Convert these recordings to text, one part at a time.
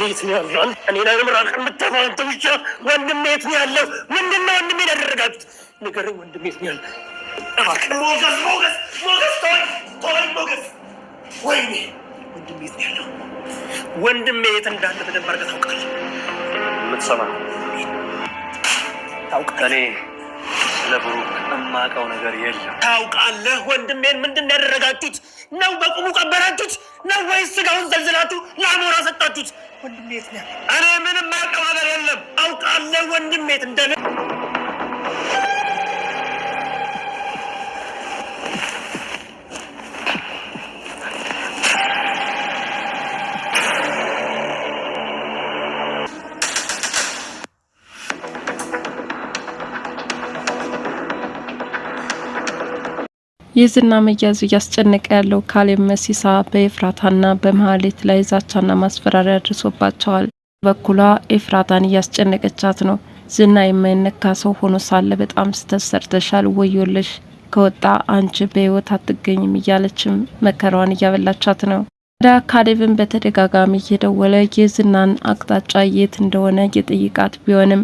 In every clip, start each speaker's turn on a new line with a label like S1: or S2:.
S1: ያለው የት ነው ያለው? እኔን አይምራቅ የምትባው አንተ ብቻ ወንድሜ የት ነው ያለው? ምንድን ነው ወንድሜ ያደረጋችሁት? ንገረኝ፣ ወንድሜ የት ነው ያለው? ሞገስ ሞገስ ሞገስ ተወኝ ተወኝ ሞገስ፣ ወይኔ ወንድሜ የት ነው ያለው? ወንድሜ የት እንዳለ በደንብ አድርገህ ታውቃለህ። የምትሰማ ታውቃለህ። እኔ ስለ ብሩክ የማውቀው ነገር የለም። ታውቃለህ። ወንድሜን ምንድን ነው ያደረጋችሁት? ነው በቁሙ ቀበራችሁት ነው ወይስ ስጋውን ዘልዝላችሁ ለአሞራ ሰጣችሁት? ወንድሜት ነው። እኔ ምንም ማቀባበል የለም አውቃለሁ ወንድሜት እንደምን የዝና መያዙ እያስጨነቀ ያለው ካሌብ መሲሳ በኤፍራታና በመሀሌት ላይ ዛቻና ማስፈራሪያ ደርሶባቸዋል። በኩሏ ኤፍራታን እያስጨነቀቻት ነው። ዝና የማይነካ ሰው ሆኖ ሳለ በጣም ስህተት ሰርተሻል፣ ወዮልሽ፣ ከወጣ አንቺ በህይወት አትገኝም እያለችም መከራዋን እያበላቻት ነው። ዳ ካሌብን በተደጋጋሚ እየደወለ የዝናን አቅጣጫ የት እንደሆነ የጠይቃት ቢሆንም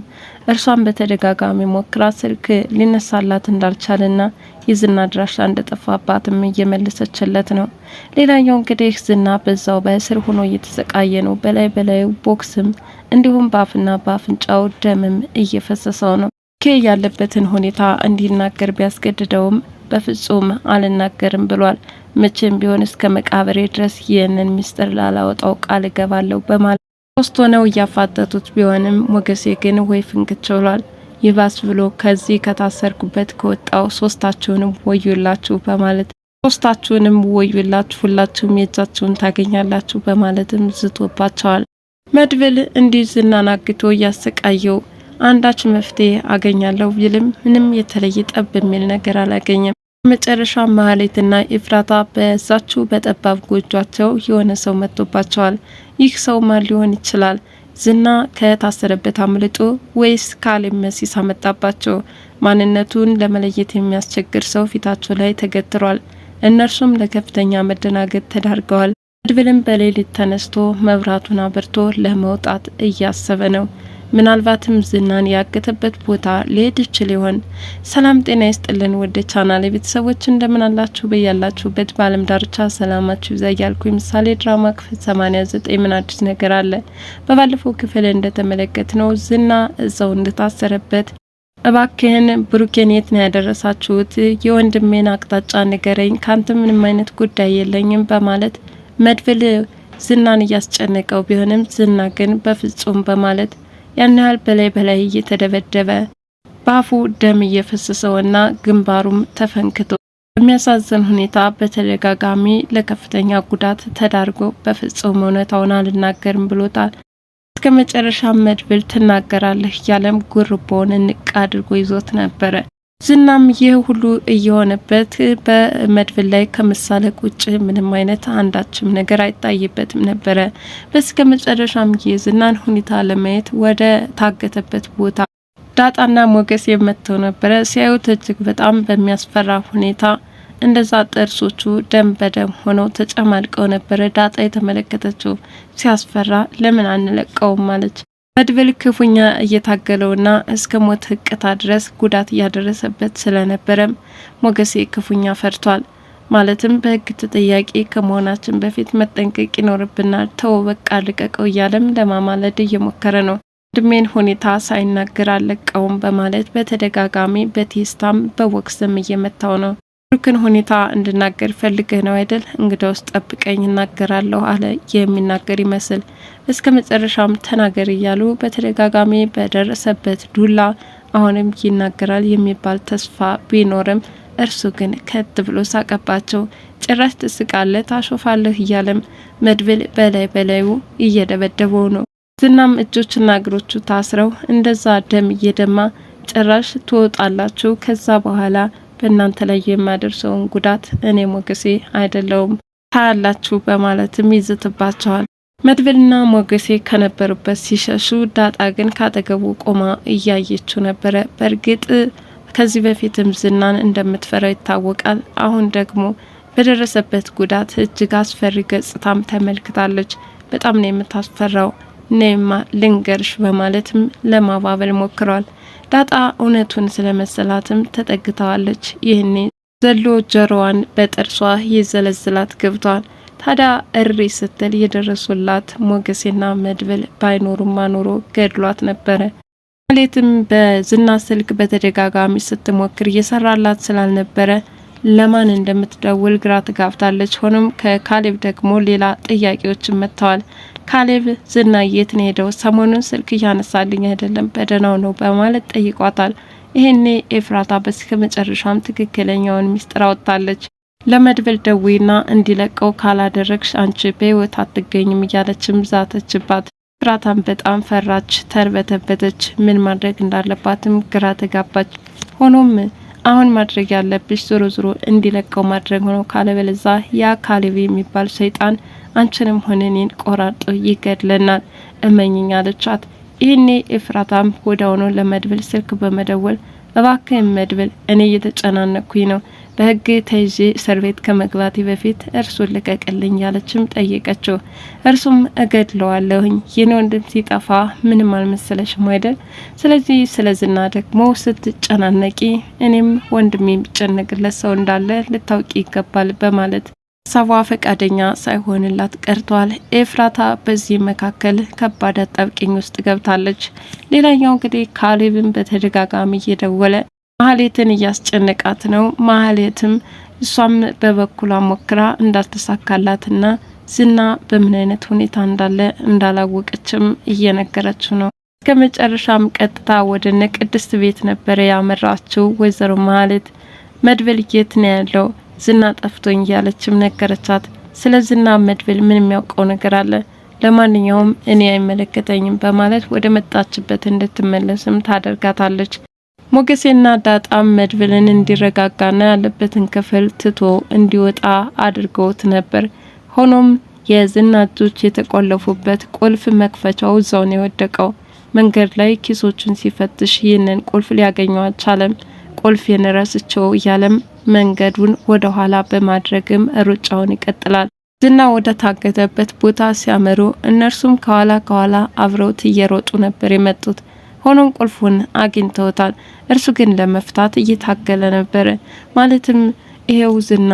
S1: እርሷን በተደጋጋሚ ሞክራ ስልክ ሊነሳላት እንዳልቻለና የዝና አድራሻ እንደጠፋባትም እየመለሰችለት ነው። ሌላኛው እንግዲህ ዝና በዛው በእስር ሆኖ እየተሰቃየ ነው። በላይ በላዩ ቦክስም እንዲሁም በአፍና በአፍንጫው ደምም እየፈሰሰው ነው። ኬ ያለበትን ሁኔታ እንዲናገር ቢያስገድደውም በፍጹም አልናገርም ብሏል። መቼም ቢሆን እስከ መቃብሬ ድረስ ይህንን ሚስጥር ላላወጣው ቃል እገባለሁ በማለት ሶስት ሆነው እያፋጠጡት ቢሆንም ሞገሴ ግን ወይ ፍንክች ብሏል። ይባስ ብሎ ከዚህ ከታሰርኩበት ከወጣው ሶስታችሁንም ወዩላችሁ በማለት ሶስታችሁንም ወዩላችሁ፣ ሁላችሁም የእጃችሁን ታገኛላችሁ በማለትም ዝቶባቸዋል። መድብል እንዲህ ዝናን አግቶ እያሰቃየው አንዳች መፍትሄ አገኛለሁ ቢልም ምንም የተለየ ጠብ የሚል ነገር አላገኘም። መጨረሻ ማህሌትና ኤፍራታ በዛችው በጠባብ ጎጇቸው የሆነ ሰው መጥቶባቸዋል። ይህ ሰው ማን ሊሆን ይችላል? ዝና ከታሰረበት አምልጦ ወይስ ካሌብ መሲሳ አመጣባቸው? ማንነቱን ለመለየት የሚያስቸግር ሰው ፊታቸው ላይ ተገትሯል። እነርሱም ለከፍተኛ መደናገጥ ተዳርገዋል። መድብልም በሌሊት ተነስቶ መብራቱን አብርቶ ለመውጣት እያሰበ ነው። ምናልባትም ዝናን ያገተበት ቦታ ሊሄድ ይችል ይሆን? ሰላም ጤና ይስጥልን ወደ ቻናሌ ቤተሰቦች እንደምን አላችሁ? በያላችሁበት በአለም ዳርቻ ሰላማችሁ ይብዛ እያልኩ ምሳሌ ድራማ ክፍል 89 ምን አዲስ ነገር አለ? በባለፈው ክፍል እንደተመለከት ነው ዝና እዛው እንደታሰረበት እባክህን ብሩኬን የት ነው ያደረሳችሁት? የወንድሜን አቅጣጫ ንገረኝ፣ ካንተ ምንም አይነት ጉዳይ የለኝም በማለት መድብል ዝናን እያስጨነቀው ቢሆንም ዝና ግን በፍጹም በማለት ያን ያህል በላይ በላይ እየተደበደበ ባፉ ደም እየፈሰሰውና ግንባሩም ተፈንክቶ በሚያሳዝን ሁኔታ በተደጋጋሚ ለከፍተኛ ጉዳት ተዳርጎ በፍጹም እውነታውን አልናገርም ብሎታል። እስከ መጨረሻ መድብል ትናገራለህ እያለም ጉርቦውን እንቅ አድርጎ ይዞት ነበረ። ዝናም ይህ ሁሉ እየሆነበት በመድብል ላይ ከመሳለቅ ውጭ ምንም አይነት አንዳችም ነገር አይታይበትም ነበረ። በስከ መጨረሻም የዝናን ሁኔታ ለማየት ወደ ታገተበት ቦታ ዳጣና ሞገስ የመጥተው ነበረ። ሲያዩት እጅግ በጣም በሚያስፈራ ሁኔታ እንደዛ ጥርሶቹ ደም በደም ሆነው ተጨማልቀው ነበረ። ዳጣ የተመለከተችው ሲያስፈራ፣ ለምን አንለቀውም ማለች። መድብል ክፉኛ እየታገለውና እስከ ሞት ህቅታ ድረስ ጉዳት እያደረሰበት ስለነበረም ሞገሴ ክፉኛ ፈርቷል። ማለትም በህግ ተጠያቂ ከመሆናችን በፊት መጠንቀቅ ይኖርብናል። ተው በቃ ልቀቀው እያለም ለማማለድ እየሞከረ ነው። ወንድሜን ሁኔታ ሳይናገር አለቀውም በማለት በተደጋጋሚ በቴስታም በቦክስም እየመታው ነው። ብሩክን ሁኔታ እንድናገር ፈልግህ ነው አይደል? ውስጥ ጠብቀኝ እናገራለሁ አለ የሚናገር ይመስል። እስከ መጨረሻም ተናገር እያሉ በተደጋጋሚ በደረሰበት ዱላ አሁንም ይናገራል የሚባል ተስፋ ቢኖርም እርሱ ግን ከት ብሎ ሳቀባቸው። ጭራሽ ትስቃለ ታሾፋለህ እያለም መድብል በላይ በላዩ እየደበደበው ነው። ዝናም እጆችና እግሮቹ ታስረው እንደዛ ደም እየደማ ጭራሽ ትወጣላችሁ ከዛ በኋላ በእናንተ ላይ የማደርሰውን ጉዳት እኔ ሞገሴ አይደለውም ታያላችሁ በማለትም ይዝትባቸዋል። መድብልና ሞገሴ ከነበሩበት ሲሸሹ፣ ዳጣ ግን ካጠገቡ ቆማ እያየችው ነበረ። በእርግጥ ከዚህ በፊትም ዝናን እንደምትፈራው ይታወቃል። አሁን ደግሞ በደረሰበት ጉዳት እጅግ አስፈሪ ገጽታም ተመልክታለች። በጣም ነው የምታስፈራው። ነይማ ልንገርሽ በማለትም ለማባበል ሞክሯል። ዳጣ እውነቱን ስለመሰላትም ተጠግተዋለች። ይህኔ ዘሎ ጀሮዋን በጥርሷ ይዘለዝላት ገብቷል። ታዲያ እሪ ስትል የደረሱላት ሞገሴና መድብል ባይኖሩም አኖሮ ገድሏት ነበረ። ማለትም በዝና ስልክ በተደጋጋሚ ስትሞክር እየሰራላት ስላልነበረ ለማን እንደምትደውል ግራ ትጋብታለች። ሆኖም ከካሌብ ደግሞ ሌላ ጥያቄዎችን መጥተዋል። ካሌብ ዝና የት ነው ሄደው ሰሞኑን ስልክ እያነሳልኝ አይደለም በደህናው ነው በማለት ጠይቋታል። ይሄኔ ኤፍራታ በስከ መጨረሻም ትክክለኛውን ሚስጥር አወጣለች። ለመድብል ደዌና እንዲለቀው ካላደረግሽ አንቺ በህይወት አትገኝም እያለችም ዛተችባት። ኤፍራታም በጣም ፈራች፣ ተርበተበተች። ምን ማድረግ እንዳለባትም ግራ ተጋባች። ሆኖም አሁን ማድረግ ያለብሽ ዞሮ ዞሮ እንዲለቀው ማድረግ ነው ካለበለዛ ያ ካሌብ የሚባል ሰይጣን አንችንም ሆነ እኔን ቆራርጦ ይገድለናል፣ እመኝኝ አለቻት። ይህኔ ኤፍራታም ወዳውኑ ለመድብል ስልክ በመደወል እባክህን መድብል፣ እኔ እየተጨናነኩኝ ነው። በህግ ተይዤ እስር ቤት ከመግባቴ በፊት እርሱን ልቀቅልኝ ያለችም ጠየቀችው። እርሱም እገድለዋለሁኝ ይህን ወንድም ሲጠፋ ምንም አልመሰለሽም አይደል? ስለዚህ ስለ ዝና ደግሞ ስትጨናነቂ እኔም ወንድሜ የሚጨነቅለት ሰው እንዳለ ልታውቂ ይገባል በማለት ሰቧ ፈቃደኛ ሳይሆንላት ቀርቷል። ኤፍራታ በዚህ መካከል ከባድ አጣብቂኝ ውስጥ ገብታለች። ሌላኛው እንግዲህ ካሌብን በተደጋጋሚ እየደወለ ማህሌትን እያስጨነቃት ነው። ማህሌትም እሷም በበኩሏ ሞክራ እንዳልተሳካላትና ዝና በምን አይነት ሁኔታ እንዳለ እንዳላወቀችም እየነገረችው ነው። እስከ መጨረሻም ቀጥታ ወደ ነቅድስት ቅድስት ቤት ነበረ ያመራችው። ወይዘሮ ማህሌት መድበል የት ነው ያለው ዝና ጠፍቶኝ እያለችም ነገረቻት። ስለ ዝና መድብል ምን የሚያውቀው ነገር አለ? ለማንኛውም እኔ አይመለከተኝም በማለት ወደ መጣችበት እንድትመለስም ታደርጋታለች። ሞገሴና ዳጣም መድብልን እንዲረጋጋና ያለበትን ክፍል ትቶ እንዲወጣ አድርገውት ነበር። ሆኖም የዝና እጆች የተቆለፉበት ቁልፍ መክፈቻው እዛው ነው የወደቀው። መንገድ ላይ ኪሶችን ሲፈትሽ ይህንን ቁልፍ ሊያገኘው አልቻለም። ቁልፍ የንረስቸው እያለም መንገዱን ወደ ኋላ በማድረግም ሩጫውን ይቀጥላል። ዝና ወደ ታገተበት ቦታ ሲያመሩ እነርሱም ከኋላ ከኋላ አብረውት እየሮጡ ነበር የመጡት። ሆኖም ቁልፉን አግኝተውታል። እርሱ ግን ለመፍታት እየታገለ ነበረ። ማለትም ይሄው ዝና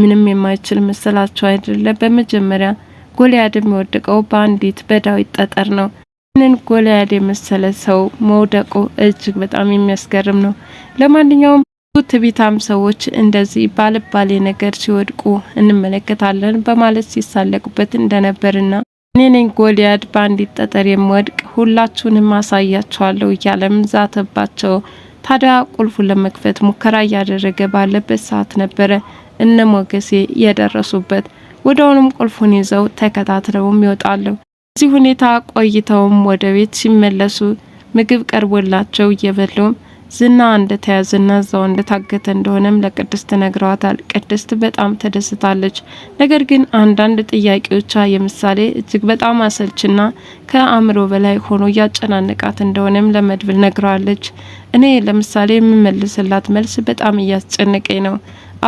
S1: ምንም የማይችል መሰላቸው አይደለ? በመጀመሪያ ጎልያድ የሚወድቀው በአንዲት በዳዊት ጠጠር ነው። ይህንን ጎልያድ የመሰለ ሰው መውደቁ እጅግ በጣም የሚያስገርም ነው። ለማንኛውም ትቢታም ሰዎች እንደዚህ ባልባሌ ነገር ሲወድቁ እንመለከታለን በማለት ሲሳለቁበት እንደነበርና እኔ ነኝ ጎልያድ በአንዲት ጠጠር የምወድቅ ሁላችሁንም አሳያችኋለሁ እያለም ዛተባቸው። ታዲያ ቁልፉን ለመክፈት ሙከራ እያደረገ ባለበት ሰዓት ነበረ እነ ሞገሴ የደረሱበት። ወደውንም ቁልፉን ይዘው ተከታትለውም ይወጣሉ። እዚህ ሁኔታ ቆይተውም ወደ ቤት ሲመለሱ ምግብ ቀርቦላቸው እየበሉም ዝና እንደተያዘና እዛው እንደታገተ እንደሆነም ለቅድስት ነግረዋታል። ቅድስት በጣም ተደስታለች። ነገር ግን አንዳንድ ጥያቄዎቿ የምሳሌ እጅግ በጣም አሰልችና ከአእምሮ በላይ ሆኖ እያጨናነቃት እንደሆነም ለመድብል ነግረዋለች። እኔ ለምሳሌ የምመልስላት መልስ በጣም እያስጨነቀኝ ነው።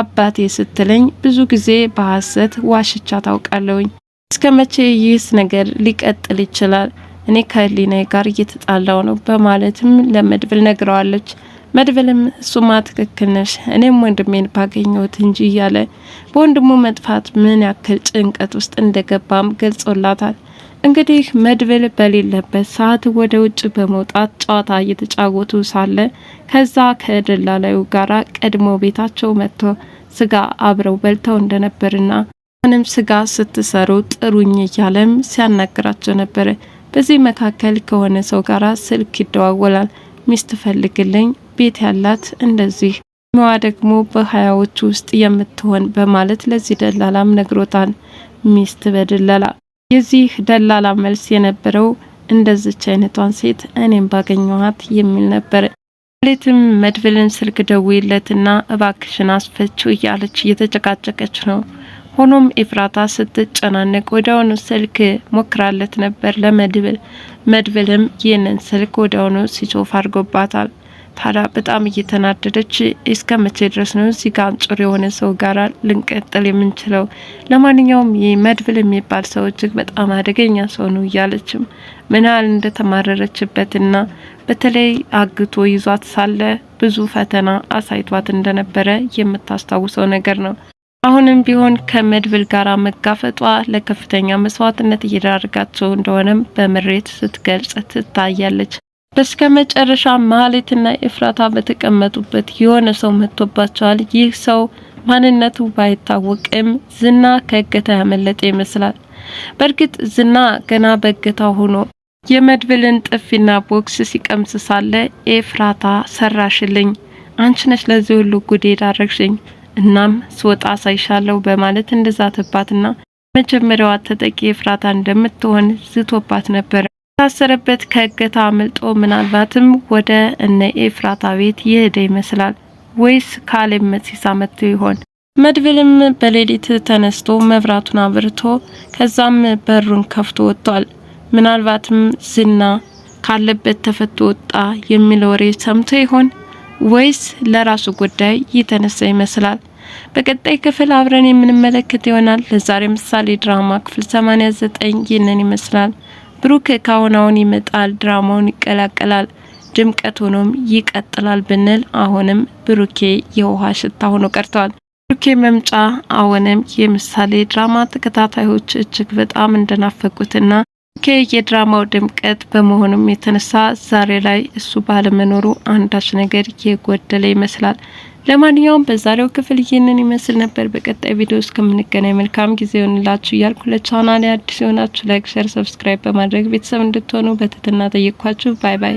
S1: አባቴ ስትለኝ ብዙ ጊዜ በሐሰት ዋሽቻ ታውቃለሁኝ። እስከ መቼ ይህስ ነገር ሊቀጥል ይችላል? እኔ ከህሊናዬ ጋር እየተጣላው ነው በማለትም ለመድብል ነግረዋለች። መድብልም እሱማ ትክክል ነሽ፣ እኔም ወንድሜን ባገኘሁት እንጂ እያለ በወንድሙ መጥፋት ምን ያክል ጭንቀት ውስጥ እንደገባም ገልጾላታል። እንግዲህ መድብል በሌለበት ሰዓት ወደ ውጭ በመውጣት ጨዋታ እየተጫወቱ ሳለ ከዛ ከደላላዩ ጋራ ቀድሞ ቤታቸው መጥቶ ስጋ አብረው በልተው እንደነበርና ምንም ስጋ ስትሰሩ ጥሩኝ እያለም ሲያናግራቸው ነበረ። በዚህ መካከል ከሆነ ሰው ጋር ስልክ ይደዋወላል። ሚስት ፈልግልኝ፣ ቤት ያላት እንደዚህ ሚዋ ደግሞ በሀያዎቹ ውስጥ የምትሆን በማለት ለዚህ ደላላም ነግሮታል። ሚስት በድለላ የዚህ ደላላ መልስ የነበረው እንደዚች አይነቷን ሴት እኔም ባገኘኋት የሚል ነበር። ሌትም መድብልን ስልክ ደውይለትና እባክሽን አስፈችው እያለች እየተጨቃጨቀች ነው። ሆኖም ኤፍራታ ስትጨናነቅ ወዲያውኑ ስልክ ሞክራለት ነበር ለመድብል። መድብልም ይህንን ስልክ ወዲያውኑ ሲጮፍ አድርጎባታል። ታዲያ በጣም እየተናደደች እስከ መቼ ድረስ ነው እዚህ ጋር አንጭር የሆነ ሰው ጋር ልንቀጥል የምንችለው? ለማንኛውም ይህ መድብል የሚባል ሰው እጅግ በጣም አደገኛ ሰው ነው እያለችም ምን ያህል እንደተማረረችበትና በተለይ አግቶ ይዟት ሳለ ብዙ ፈተና አሳይቷት እንደነበረ የምታስታውሰው ነገር ነው። አሁንም ቢሆን ከመድብል ጋር መጋፈጧ ለከፍተኛ መስዋዕትነት እየዳረጋቸው እንደሆነም በምሬት ስትገልጽ ትታያለች። በስከ መጨረሻ ማህሌትና ኤፍራታ በተቀመጡበት የሆነ ሰው መጥቶባቸዋል። ይህ ሰው ማንነቱ ባይታወቅም ዝና ከእገታ ያመለጠ ይመስላል። በእርግጥ ዝና ገና በእገታ ሆኖ የመድብልን ጥፊና ቦክስ ሲቀምስ ሳለ ኤፍራታ ሰራሽልኝ፣ አንቺ ነሽ ለዚህ ሁሉ ጉድ ዳረግሽኝ እናም ስወጣ አሳይሻለሁ በማለት እንደዛተባትና መጀመሪያዋ ተጠቂ ኤፍራታ እንደምትሆን ዝቶባት ነበር። የታሰረበት ከእገታ አምልጦ ምናልባትም ወደ እነ ኤፍራታ ቤት የሄደ ይመስላል። ወይስ ካሌብ መሲሳ መጥቶ ይሆን? መድብልም በሌሊት ተነስቶ መብራቱን አብርቶ ከዛም በሩን ከፍቶ ወጥቷል። ምናልባትም ዝና ካለበት ተፈቶ ወጣ የሚል ወሬ ሰምቶ ይሆን? ወይስ ለራሱ ጉዳይ የተነሳ ይመስላል? በቀጣይ ክፍል አብረን የምንመለከት ይሆናል። ለዛሬ ምሳሌ ድራማ ክፍል 89 ይህንን ይመስላል። ብሩክ ካሁን አሁን ይመጣል፣ ድራማውን ይቀላቀላል፣ ድምቀት ሆኖም ይቀጥላል ብንል አሁንም ብሩኬ የውሃ ሽታ ሆኖ ቀርቷል። ብሩኬ መምጫ አሁንም የምሳሌ ድራማ ተከታታዮች እጅግ በጣም እንደናፈቁትና የድራማው ድምቀት በመሆኑም የተነሳ ዛሬ ላይ እሱ ባለመኖሩ አንዳች ነገር የጎደለ ይመስላል። ለማንኛውም በዛሬው ክፍል ይህንን ይመስል ነበር። በቀጣይ ቪዲዮ እስከምንገናኝ መልካም ጊዜ ይሆንላችሁ እያልኩ ለቻናሌ አዲስ የሆናችሁ ላይክ፣ ሸር፣ ሰብስክራይብ በማድረግ ቤተሰብ እንድትሆኑ በትህትና ጠየቅኳችሁ። ባይ ባይ።